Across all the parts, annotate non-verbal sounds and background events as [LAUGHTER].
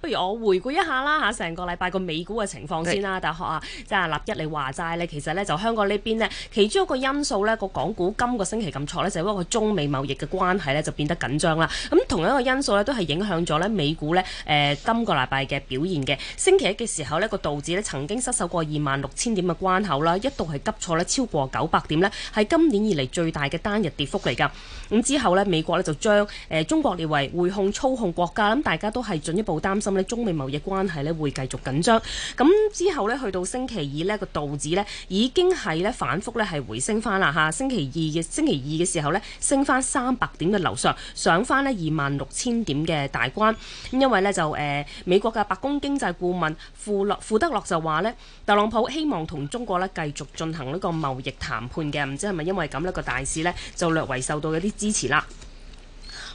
不如我回顧一下啦嚇，成個禮拜個美股嘅情況先啦，大學啊，即係立一你話齋呢，其實呢，就香港呢邊呢，其中一個因素呢，個港股今個星期咁挫呢，就是、因為個中美貿易嘅關係呢，就變得緊張啦。咁同一個因素呢，都係影響咗呢美股呢。呃、今個禮拜嘅表現嘅。星期一嘅時候呢，個道指呢曾經失守過二萬六千點嘅關口啦，一度係急挫呢，超過九百點呢，係今年以嚟最大嘅單日跌幅嚟㗎。咁之後呢，美國呢就將、呃、中國列為匯控操控國家，咁大家都係進一步擔心。中美貿易關係咧，會繼續緊張，咁之後咧，去到星期二呢個道指咧，已經係咧反覆咧係回升翻啦嚇，星期二嘅星期二嘅時候咧，升翻三百點嘅樓上，上翻咧二萬六千點嘅大關。因為呢，就誒、呃、美國嘅白宮經濟顧問富樂富德洛就話呢，特朗普希望同中國咧繼續進行呢個貿易談判嘅，唔知係咪因為咁呢、一個大市呢就略為受到一啲支持啦。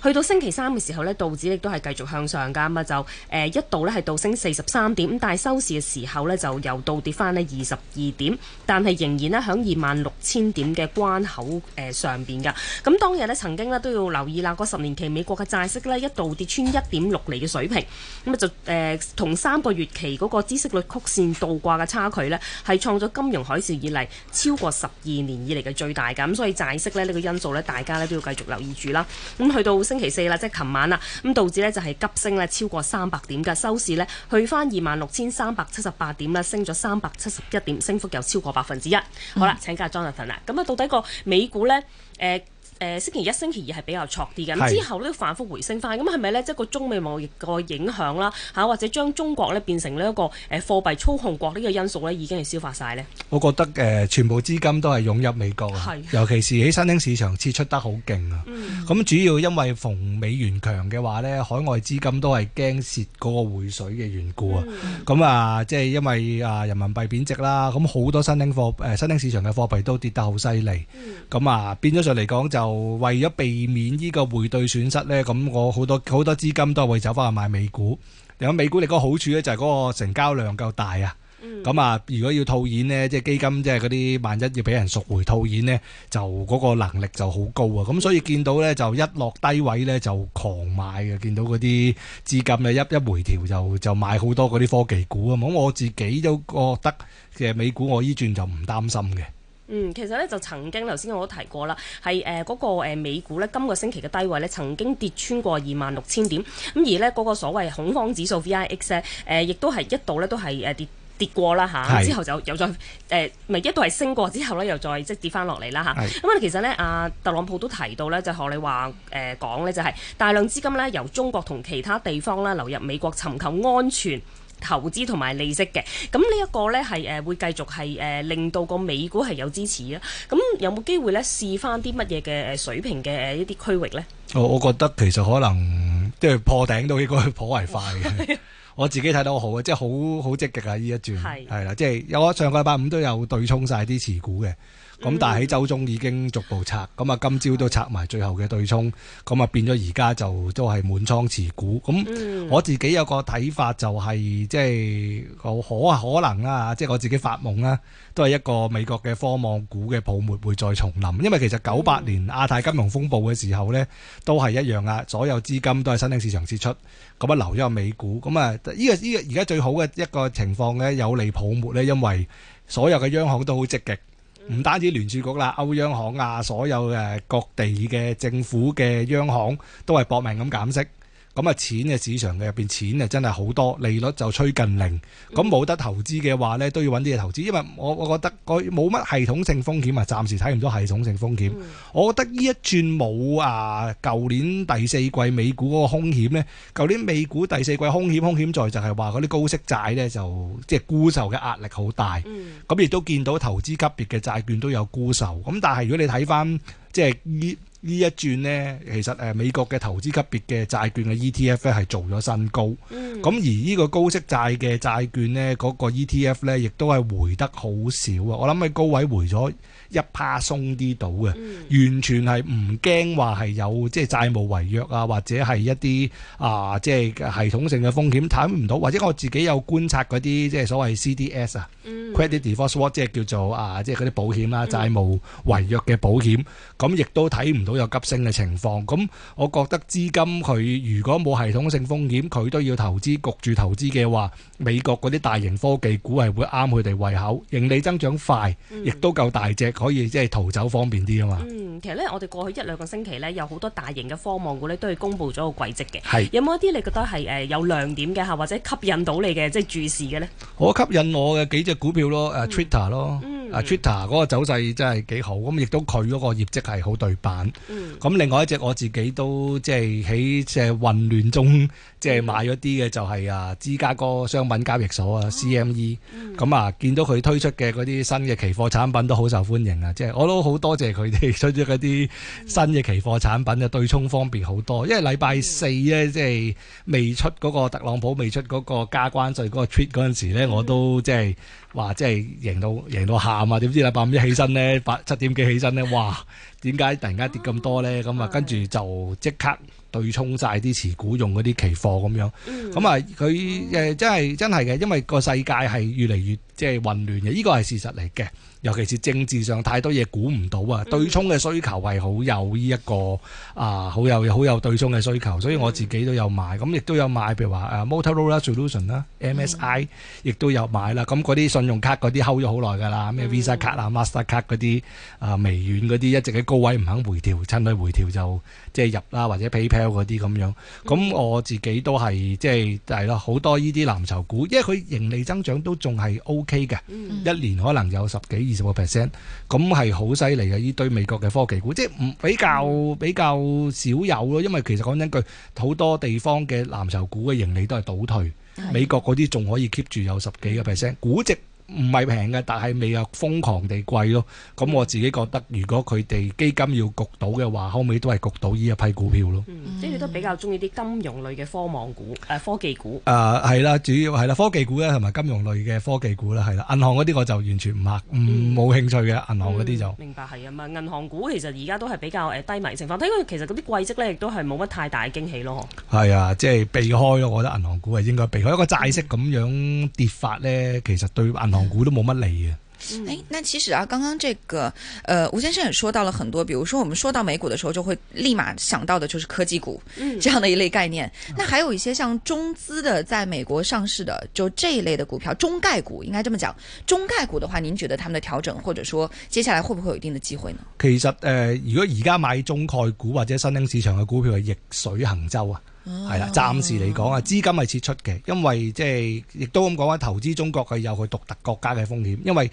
去到星期三嘅時候呢，道指亦都係繼續向上㗎，咁啊就誒、呃、一度呢係倒升四十三點，但係收市嘅時候呢就又倒跌翻呢二十二點，但係仍然呢喺二萬六千點嘅關口誒、呃、上邊㗎。咁當日呢，曾經呢都要留意啦，個十年期美國嘅債息呢，一度跌穿一點六厘嘅水平，咁啊就誒、呃、同三個月期嗰個孳息率曲線倒掛嘅差距呢，係創咗金融海嘯以嚟超過十二年以嚟嘅最大㗎，咁所以債息咧呢、呢個因素呢，大家呢都要繼續留意住啦。咁去到星期四啦，即係琴晚啦，咁導致咧就係急升咧超過三百點嘅收市咧，去返二萬六千三百七十八點啦，升咗三百七十一點，升幅又超過百分之一。好啦，請加莊日騰啦，咁啊到底個美股咧誒？呃誒、呃、星期一、星期二係比較挫啲嘅，咁之後咧反覆回升返，咁係咪呢？即係個中美貿易個影響啦，嚇或者將中國咧變成呢一個誒貨幣操控國呢個因素呢，已經係消化晒呢？我覺得誒、呃，全部資金都係湧入美國，的尤其是喺新興市場撤出得好勁啊！咁、嗯嗯、主要因為逢美元強嘅話呢，海外資金都係驚蝕嗰個匯水嘅緣故啊！咁啊，即係因為啊人民幣貶值啦，咁好多新興貨誒新興市場嘅貨幣都跌得好犀利，咁、嗯、啊變咗上嚟講就。就為咗避免呢個匯兌損失呢，咁我好多好多資金都係會走翻去買美股。有美股嚟個好處呢，就係嗰個成交量夠大啊。咁、嗯、啊，如果要套現呢，即係基金，即係嗰啲，萬一要俾人贖回套現呢，就嗰個能力就好高啊。咁所以見到呢，就一落低位呢，就狂買嘅。見到嗰啲資金呢一一回調就就買好多嗰啲科技股啊。咁我自己都覺得其實美股我依轉就唔擔心嘅。嗯，其實咧就曾經，頭先我都提過啦，係誒嗰個美股咧今個星期嘅低位咧曾經跌穿過二萬六千點，咁而呢，嗰、嗰個所謂恐慌指數 VIX 咧、呃，亦都係一度咧都係誒跌跌過啦嚇，之後就又再誒咪、呃、一度係升過之後咧又再即跌翻落嚟啦嚇。咁啊、嗯、其實呢，阿特朗普都提到咧就學你話誒、呃、講咧就係大量資金咧由中國同其他地方咧流入美國尋求安全。投資同埋利息嘅，咁呢一個呢係誒會繼續係誒令到個美股係有支持啊！咁有冇機會呢？試翻啲乜嘢嘅水平嘅一啲區域呢？我我覺得其實可能即係破頂都應該係頗為快嘅。 [LAUGHS] 我自己睇到好啊，即係好好積極啊！呢一轉係啦，即係我上個禮拜五都有對沖晒啲持股嘅。咁、嗯、但係喺周中已經逐步拆，咁啊今朝都拆埋最後嘅對沖，咁啊變咗而家就都係滿倉持股。咁、嗯、我自己有個睇法就係、是，即係可可能啦，即、就、係、是、我自己發夢啦，都係一個美國嘅科網股嘅泡沫會再重臨，因為其實九八年亞太金融風暴嘅時候呢，都係一樣啊，所有資金都係新興市場撤出，咁啊留咗美股。咁啊，依個依個而家最好嘅一個情況呢，有利泡沫呢，因為所有嘅央行都好積極。唔單止聯儲局啦，歐央行啊，所有誒各地嘅政府嘅央行都係搏命咁減息。咁啊，錢嘅市場嘅入面，錢啊真係好多，利率就趨近零。咁冇得投資嘅話呢，都要揾啲嘢投資。因為我我覺得我冇乜系統性風險啊，暫時睇唔到系統性風險。嗯、我覺得呢一轉冇啊，舊年第四季美股嗰個風險呢，舊年美股第四季風險，風險在就係話嗰啲高息債呢，就即係沽售嘅壓力好大。咁亦都見到投資級別嘅債券都有沽售。咁但係如果你睇翻，即係呢呢一轉呢，其實誒美國嘅投資級別嘅債券嘅 ETF 咧係做咗新高，咁而呢個高息債嘅債券呢，嗰個 ETF 呢，亦都係回得好少啊！我諗喺高位回咗。一趴鬆啲到嘅，完全係唔驚話係有即係債務違約啊，或者係一啲啊即係系統性嘅風險睇唔到，或者我自己有觀察嗰啲即係所謂 CDS 啊，嗯，credit default 即係叫做啊即係嗰啲保險啦，債務違約嘅保險，咁亦都睇唔到有急升嘅情況。咁我覺得資金佢如果冇系統性風險，佢都要投資焗住投資嘅話，美國嗰啲大型科技股係會啱佢哋胃口，盈利增長快，亦都夠大隻。可以即係逃走方便啲啊嘛。嗯，其實咧，我哋過去一兩個星期咧，有好多大型嘅科網股咧，都係公布咗個季績嘅。係是有冇一啲你覺得係誒有亮點嘅嚇，或者吸引到你嘅即係注視嘅咧？我吸引我嘅幾隻股票咯，誒、嗯啊、Twitter 咯。啊 Twitter 嗰個走勢真係幾好，咁亦都佢嗰個業績係好對版，咁、嗯、另外一隻我自己都即係喺即係混亂中即係買咗啲嘅就係啊芝加哥商品交易所啊、哦、CME、嗯。咁啊見到佢推出嘅嗰啲新嘅期貨產品都好受歡迎啊！即係我都好多謝佢哋推出嗰啲新嘅期貨產品啊，對沖方便好多。因為禮拜四咧即係未出嗰、嗰個特朗普未出嗰個加關稅嗰個 Tweet 嗰陣時咧，我都即係話即係贏到贏到喊。嘛點知啊八點一起身咧，八七點幾起身咧，哇！點解突然間跌咁多咧？咁啊，跟住就即刻。對沖晒啲持股用嗰啲期貨咁樣，咁啊佢誒真係真係嘅，因為個世界係越嚟越即係混亂嘅，呢個係事實嚟嘅。尤其是政治上太多嘢估唔到啊、嗯，對沖嘅需求係好有呢、這、一個啊，好、呃、有好有對沖嘅需求。所以我自己都有買，咁、嗯、亦、啊嗯、都有買，譬如話誒 Motorola Solutions 啦、MSI，亦都有買啦。咁嗰啲信用卡嗰啲 hold 咗好耐㗎啦，咩 Visa 卡啊、Master 卡嗰啲啊，微軟嗰啲一直喺高位唔肯回調，趁佢回調就即係入啦，或者 PayPal 嗰啲咁樣，咁我自己都係即係係咯，好多呢啲藍籌股，因為佢盈利增長都仲係 OK 嘅，一年可能有十幾二十個 percent，咁係好犀利嘅。呢堆美國嘅科技股，即係唔比較比較少有咯，因為其實講真句，好多地方嘅藍籌股嘅盈利都係倒退，美國嗰啲仲可以 keep 住有十幾個 percent，估值，唔係平嘅，但係未有瘋狂地貴咯。咁我自己覺得，如果佢哋基金要焗到嘅話，後尾都係焗到呢一批股票咯。嗯，即係都比較中意啲金融類嘅科網股、誒科技股。誒係啦，主要係啦，科技股咧同埋金融類嘅科技股啦，係啦。銀行嗰啲我就完全唔嚇，唔冇興趣嘅。銀行嗰啲就明白係啊嘛。銀行股其實而家都係比較誒低迷嘅情況，因為其實嗰啲季績咧亦都係冇乜太大嘅驚喜咯。係啊，即係避開咯。我覺得銀行股係應該避開，一個債息咁樣跌法咧，其實對銀行。股都冇乜利啊。誒，那其實啊，剛剛這個，呃，吳先生也說到了很多，比如說我們說到美股的時候，就會立馬想到的，就是科技股，嗯，這樣的一類概念。那還有一些像中資的在美國上市的，就這一類的股票，中概股應該這麼講。中概股的話，您覺得他們的調整，或者說接下來會不會有一定的機會呢？其實呃，如果而家買中概股或者新興市場嘅股票，係逆水行舟啊。係啦，暫時嚟講啊，資金係撤出嘅，因為即係亦都咁講話，投資中國係有佢獨特國家嘅風險，因為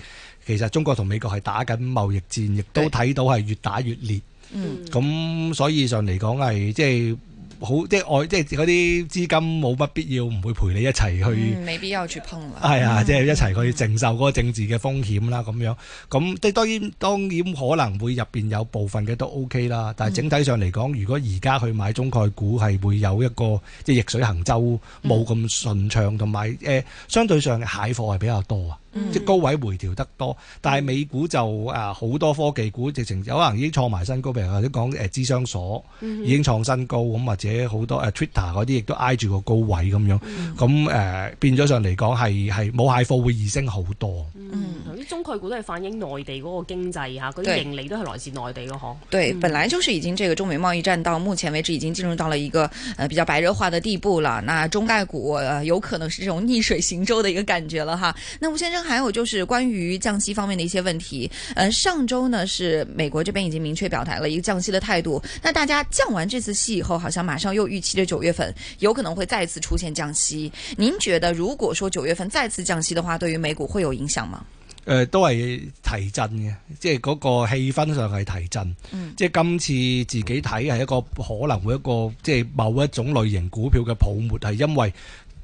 其實中國同美國係打緊貿易戰，的亦都睇到係越打越烈。嗯，咁所以上嚟講係即係。好即係即係嗰啲資金冇乜必要唔會陪你一齊去，嗯，未必要去碰啦。啊，即、嗯、係、即係、一齊去承受嗰個政治嘅風險啦。咁樣咁即係當然當然可能會入面有部分嘅都 OK 啦，但係整體上嚟講，嗯，如果而家去買中概股係會有一個即係逆水行舟，冇咁順暢，同埋誒相對上嘅蟹貨係比較多啊。嗯、即高位回調得多，但係美股就好、啊、多科技股直情有可能已經創埋新高，譬如或者講諮商所已經創新高咁、啊，或者好多、啊、Twitter 嗰啲亦都挨住個高位咁樣咁誒、嗯啊、變咗上嚟講係係冇蟹貨會易升好多。嗯，啲中概股都係反映內地嗰個經濟嚇，嗰啲盈利都係來自內地咯，嗬？對，本來就是已經這個中美貿易戰到目前為止已經進入到了一個比較白熱化的地步啦。那中概股、啊、有可能是這種逆水行舟的一個感覺啦，哈、啊？那吳先生。還有就是關於降息方面的一些問題，呃，上周呢是美國這邊已經明確表達了一個降息的態度。那大家降完這次息以後，好像馬上又預期着九月份有可能會再次出現降息。您覺得如果說九月份再次降息的話，對於美股會有影響嗎？呃，都係提振嘅，即係嗰個氣氛上係提振。嗯，即係今次自己睇係一個可能會一個即係某一種類型股票嘅泡沫，係因為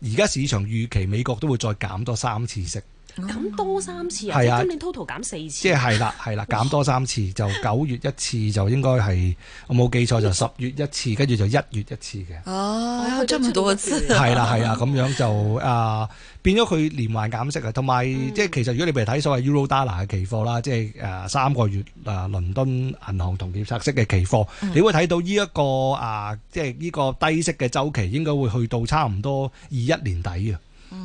而家市場預期美國都會再減多三次息。減多三次啊！咁你 total 減四次，即係係啦，係啦，減多三次就九月一次，就應該係 [LAUGHS] 我冇記錯就十月一次，跟住就一月一次嘅。哦、啊，差唔多次。係啦、啊，係啦咁樣就啊、呃、變咗佢連環減息啊。同埋即係其實如果你譬如睇所謂 Eurodollar 嘅期貨啦，即、就、係、是、三個月誒倫敦銀行同業拆息嘅期貨，嗯、你會睇到呢、這、一個啊即係呢個低息嘅周期應該會去到差唔多二一年底啊。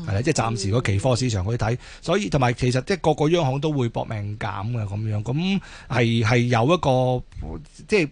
係啦，即係暫時個期貨市場去睇，所以同埋其實即係個個央行都會搏命減嘅咁樣，咁係係有一個即係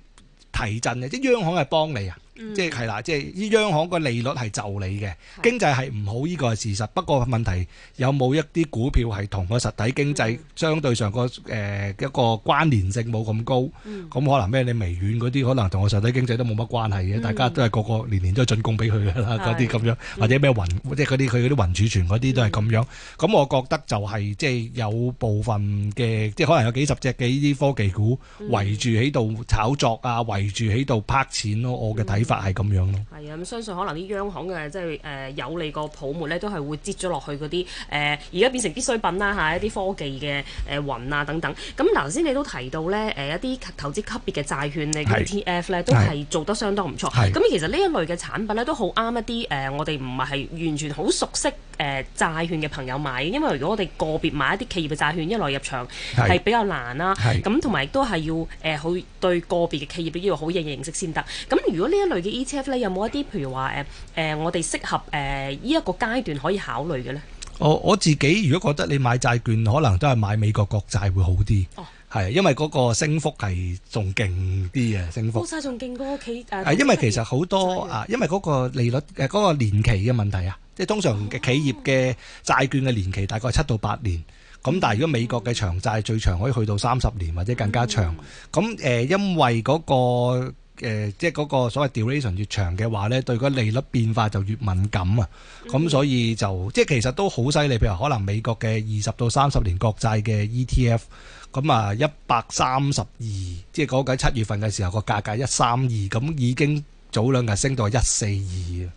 提振嘅，即係央行係幫你啊。即係啦，即係呢央行個利率係就你嘅經濟係唔好，呢個係事實。不過問題有冇一啲股票係同個實體經濟相對上個誒一個關聯性冇咁高？咁可能咩？你微軟嗰啲可能同個實體經濟都冇乜關係嘅，大家都係個個年年都進貢俾佢㗎啦。嗰啲咁樣或者咩雲，即係嗰啲佢嗰啲雲儲存嗰啲都係咁樣。咁我覺得就係即係有部分嘅，即係可能有幾十隻嘅呢啲科技股圍住喺度炒作啊，圍住喺度拍錢咯。我嘅睇法。係咁樣咯，係啊，咁相信可能啲央行嘅即係誒有利個泡沫咧，都係會擠咗落去嗰啲誒而家變成必需品啦嚇、啊，一啲科技嘅誒、呃、雲啊等等。咁頭先你都提到咧誒、呃、一啲投資級別嘅債券你嘅 ETF 咧，是 GTF，都係做得相當唔錯。咁其實呢一類嘅產品咧，都好啱一啲誒我哋唔係係完全好熟悉。誒、呃、債券嘅朋友買，因為如果我哋個別買一啲企業嘅債券，一來入場係比較難啦、啊，咁同埋都係要誒去、呃、對個別嘅企業嘅依個好嘅認識先得。咁如果呢一類嘅 ETF 呢，有冇一啲譬如話誒誒我哋適合誒呢一個階段可以考慮嘅呢？我、哦、我自己如果覺得你買債券，可能都係買美國國債會好啲。哦。係，因為嗰個升幅係仲勁啲啊！升幅收仲勁過企誒、啊，因為其實好多啊，因為嗰個利率誒嗰、嗰個年期嘅問題啊，即係通常嘅企業嘅債券嘅年期大概係七到八年咁、哦，但係如果美國嘅長債最長可以去到三十年或者更加長咁、嗯呃、因為嗰、嗰個、呃、即係嗰所謂 duration 越長嘅話呢，對嗰利率變化就越敏感啊。咁、嗯、所以就即係其實都好犀利，譬如可能美國嘅二十到三十年國債嘅 ETF。咁啊，一百三十二，即係嗰個喺七月份嘅時候個價格一三二，咁已經早兩日升到一四二。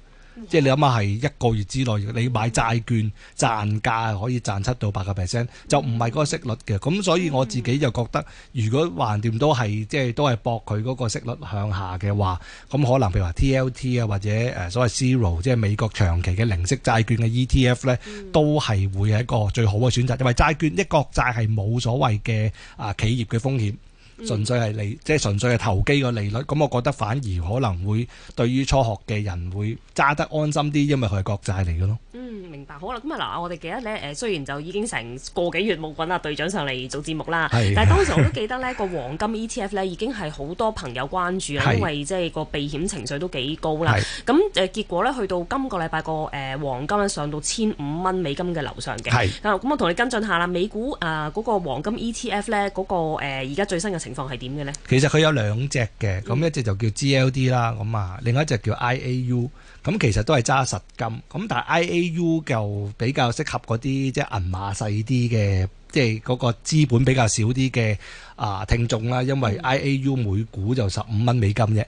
即係你諗下係一個月之內，你買債券賺價可以賺七到八個 percent，就唔係嗰個息率嘅。咁、嗯、所以我自己就覺得，如果橫掂都係即係都係博佢嗰個息率向下嘅話，咁可能譬如話 TLT 啊或者所謂 zero，即係美國長期嘅零息債券嘅 ETF 呢、嗯，都係會係一個最好嘅選擇。因為債券一國債係冇所謂嘅啊企業嘅風險。純粹係利，即、嗯、係、就是、純粹係投機個利率，咁我覺得反而可能會對於初學嘅人會揸得安心啲，因為佢係國債嚟嘅咯。嗯，明白，好啦，咁啊嗱，我哋記得咧誒，雖然就已經成個幾月冇揾阿隊長上嚟做節目啦，但係當時我都記得呢個黃金 ETF 咧已經係好多朋友關注啊，因為即係個避險情緒都幾高啦。咁誒、呃、結果咧去到今個禮拜個誒黃金上到千五蚊美金嘅樓上嘅。係，咁我同你跟進下啦，美股啊嗰、呃那個黃金 ETF 咧嗰、那個而家、呃、最新嘅。情況係點嘅咧？其實佢有兩隻嘅，咁、嗯、一隻就叫 GLD 啦，咁啊，另外一隻叫 IAU，咁其實都係揸實金，咁但係 IAU 就比較適合嗰啲即係銀碼細啲嘅，即係嗰個資本比較少啲嘅啊聽眾啦，因為 IAU 每股就十五蚊美金啫，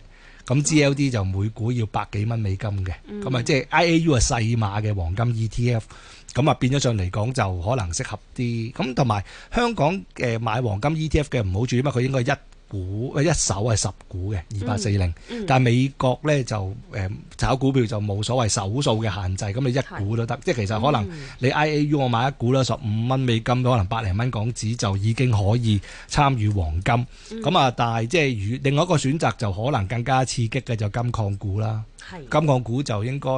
咁、嗯、GLD 就每股要百幾蚊美金嘅，咁、嗯、啊即係 IAU 係細碼嘅黃金 ETF。咁啊，變咗上嚟講就可能適合啲咁，同埋香港嘅買黃金 E.T.F 嘅唔好注意乜，佢應該一股一手係十股嘅、嗯、二八四零，但係美國呢就炒股票就冇所謂手數嘅限制，咁、嗯、你一股都得，即係其實可能你 I.A.U. 我買一股啦，十五蚊美金，可能百零蚊港紙就已經可以參與黃金咁啊、嗯。但係即係與另外一個選擇就可能更加刺激嘅就金礦股啦。金礦股就應該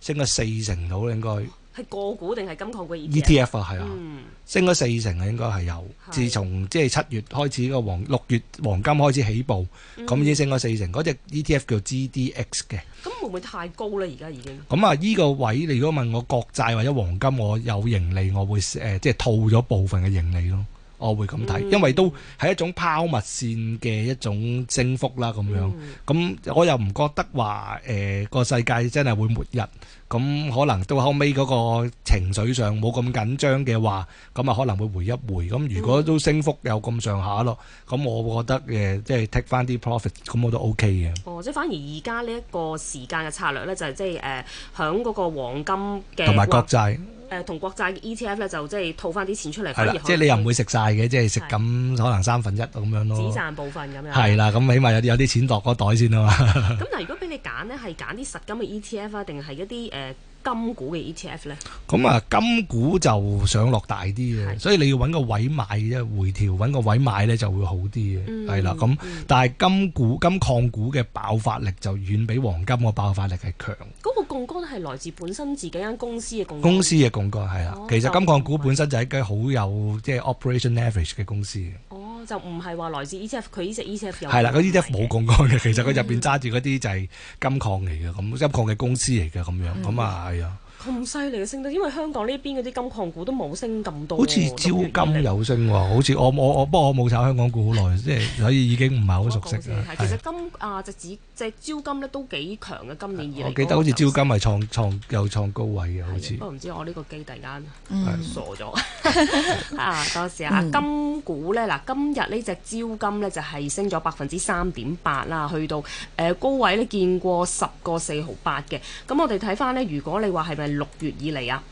升咗四成到應應該。係個股定係金礦嘅 ETF 啊，係啊、嗯，升咗四成啊，應該係有是。自從即係七月開始個黃，六月黃金開始起步，咁、嗯、已經升咗四成。嗰隻 ETF 叫 GDX 嘅。咁會唔會太高呢？而家已經咁啊！依個位置，你如果問我國債或者黃金，我有盈利，我會、呃、即係套咗部分嘅盈利咯。我會咁睇，因為都係一種拋物線嘅一種升幅啦，咁樣。咁我又唔覺得話誒個世界真係會末日。咁可能到後尾嗰個情緒上冇咁緊張嘅話，咁啊可能會回一回。咁如果都升幅有咁上下咯，咁我覺得誒即係 take 翻啲 profit，咁我都 OK 嘅。哦，即反而而家呢一個時間嘅策略咧，就係即係誒響嗰個黃金嘅同埋國債。誒、呃、同國債的 ETF 咧就即係套翻啲錢出嚟，係啦，即係你又唔會食晒嘅，即係食咁可能三分一咁樣咯，只賺部分咁樣。係啦，咁起碼有啲有啲錢落個袋先啊嘛。咁但係如果俾你揀咧，係揀啲實金嘅 ETF 啊，定係一啲誒？呃金股嘅 ETF 咧，咁啊金股就上落大啲嘅，所以你要揾個位買啫，回調揾個位買咧就會好啲嘅，係啦咁。但係金股金礦股嘅爆發力就遠比黃金個爆發力係強。嗰、那個槓桿係來自本身自己間公司嘅槓桿，公司嘅槓桿係啦。其實金礦股本身就係一間好有即係、就是、operation average 嘅公司。哦就唔係話來自 ETF，佢呢隻 ETF 係啦，佢 ETF 冇槓桿嘅，其實佢入邊揸住嗰啲就係金礦嚟嘅，咁金礦嘅公司嚟嘅咁樣，咁啊係啊。咁犀利嘅升得，因為香港呢邊嗰啲金礦股都冇升咁多。好似招金有升喎，好似我我我不過我冇炒香港股好耐，即係所以已經唔係好熟悉啦。係其實金啊隻指隻招金咧都幾強嘅，今年以嚟。我記得好似招金係創創又創高位嘅，好似。我唔知我呢個機突然間傻咗啊！當時啊！金股咧嗱，今日呢隻招金咧就係升咗百分之三點八啦，去到誒高位咧，見過十個四毫八嘅。咁我哋睇翻咧，如果你話係咪？六月以嚟啊，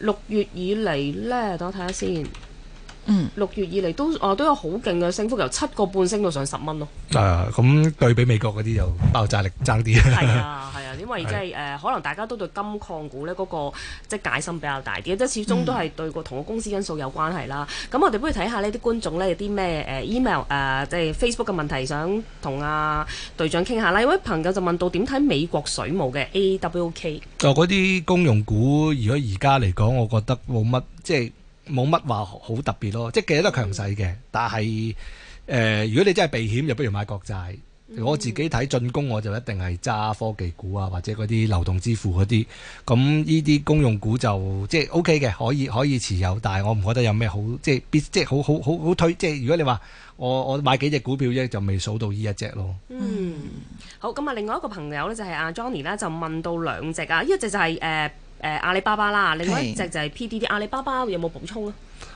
六月以嚟呢，等我睇下先。六月以嚟都啊都有好勁嘅升幅，由七個半升到上十蚊咯。誒，咁對比美國嗰啲就爆炸力差啲。係啊，係啊，因為即係誒，可能大家都對金礦股呢嗰個即係戒心比較大啲，即係始終都係對個同個公司因素有關係啦。咁我哋不如睇下呢啲觀眾呢有啲咩誒 email 誒即係 Facebook 嘅問題，想同阿隊長傾下啦。有位朋友就問到點睇美國水務嘅 AWK？就嗰啲公用股，如果而家嚟講，我覺得冇乜即係。冇乜話好特別咯，即係記得強勢嘅。嗯、但係誒、呃，如果你真係避險，就不如買國債。我、嗯、自己睇進攻，我就一定係揸科技股啊，或者嗰啲流動支付嗰啲。咁呢啲公用股就即係 OK 嘅，可以可以持有。但係我唔覺得有咩好，即係必即係好好好好推。即係如果你話我我買幾隻股票啫，就未數到呢一隻咯。嗯，好。咁啊，另外一個朋友咧就係阿 Johnny 啦，就問到兩隻啊，呢一隻就係、是、誒。呃誒、呃、阿里巴巴啦，另外一隻就係 PDD。阿里巴巴有冇補充啊？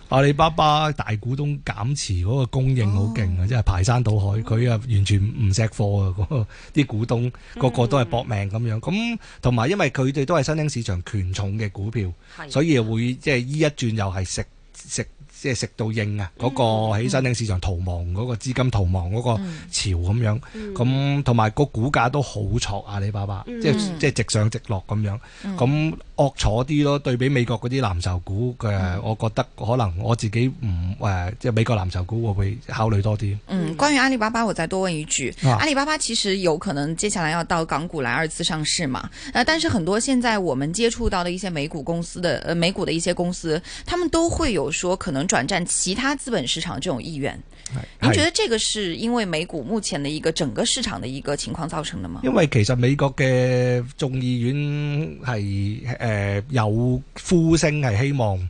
阿里巴巴大股東減持嗰個供應好勁啊，即、哦、係排山倒海，佢、哦、啊完全唔錫貨啊，嗰、嗰個啲股東個、嗰個都係搏命咁樣。咁同埋因為佢哋都係新興市場權重嘅股票的，所以會即係呢一轉又係食食。食即係食到應啊！嗰、那個喺新興市場逃亡嗰個資金逃亡嗰個潮咁樣，咁同埋個股價都好挫阿里巴巴，嗯、即即係直上直落咁樣，咁、嗯、惡挫啲咯。對比美國嗰啲藍籌股嘅、嗯，我覺得可能我自己唔誒、呃，即係美國藍籌股我會考慮多啲。嗯，關於阿里巴巴，我再多問一句、啊：阿里巴巴其實有可能接下來要到港股來二次上市嘛？但是很多現在我們接觸到的一些美股公司的，呃，美股的一些公司，他們都會有說可能。轉戰其他資本市場的這種意願，您覺得這個是因為美股目前的一個整個市場的一個情況造成的嗎？因為其實美國嘅眾議院係誒、呃、有呼聲係希望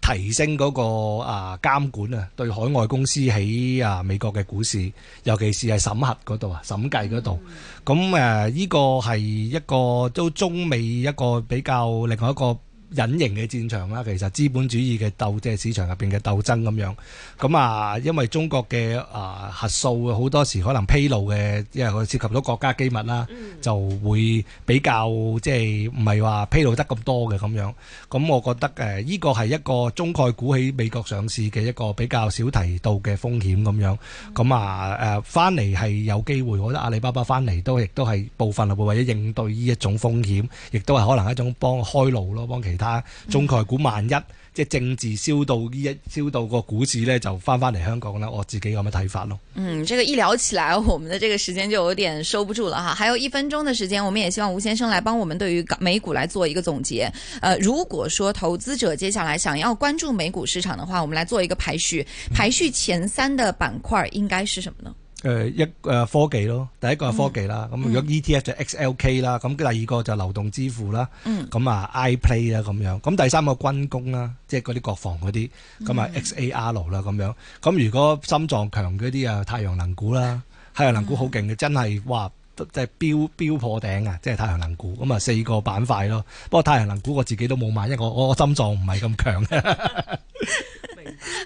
提升嗰、那個啊監管啊，對海外公司喺啊美國嘅股市，尤其是係審核嗰度啊、審計嗰度。咁、嗯、誒、呢、呃這個係一個都中美一個比較另外一個隱形嘅戰場啦，其實資本主義嘅鬥即係市場入邊嘅鬥爭咁樣。咁啊，因為中國嘅啊核數好多時可能披露嘅，因為佢涉及到國家機密啦，就會比較即係唔係話披露得咁多嘅咁樣。咁我覺得誒，呢個係一個中概股喺美國上市嘅一個比較少提到嘅風險咁樣。咁啊誒，翻嚟係有機會，我覺得阿里巴巴翻嚟都亦都係部分會為咗應對呢一種風險，亦都係可能一種幫開路咯，幫其他。啊，中概股萬一即係政治燒到呢一燒到個股市呢，就返返嚟香港啦。我自己咁嘅睇法咯。嗯，這個一聊起來，我們的這個時間就有點收不住了哈。還有一分鐘的時間，我們也希望吳先生來幫我們對於美股來做一個總結。呃，如果說投資者接下來想要關注美股市場的話，我們來做一個排序，排序前三的板塊應該是什麼呢？嗯一誒科技咯，第一個係科技啦，咁、嗯、如果 E T F 就 X L K 啦、嗯，咁第二個就流動支付啦，咁啊 IPAY 啦，咁樣，咁第三個軍工啦，即係嗰啲國防嗰啲，咁、嗯、啊 X A R 啦咁樣，咁如果心臟強嗰啲，啊太陽能股啦，太陽能股好勁嘅，真係話。哇即係飆飆破頂啊！即係太陽能股咁啊，那四個板塊咯。不過太陽能股我自己都冇買，因為我我心臟唔係咁強。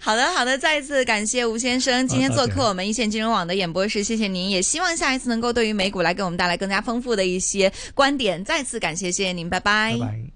好的，好的，再一次感謝吳先生今天做客、嗯、我們一線金融網的演播室，謝謝您，也希望下一次能夠對於美股來給我們帶來更加豐富的一些觀點。再次感謝，謝謝您，拜拜。拜拜。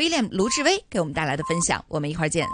威廉，盧志威給我們帶來的分享，我們一會兒見。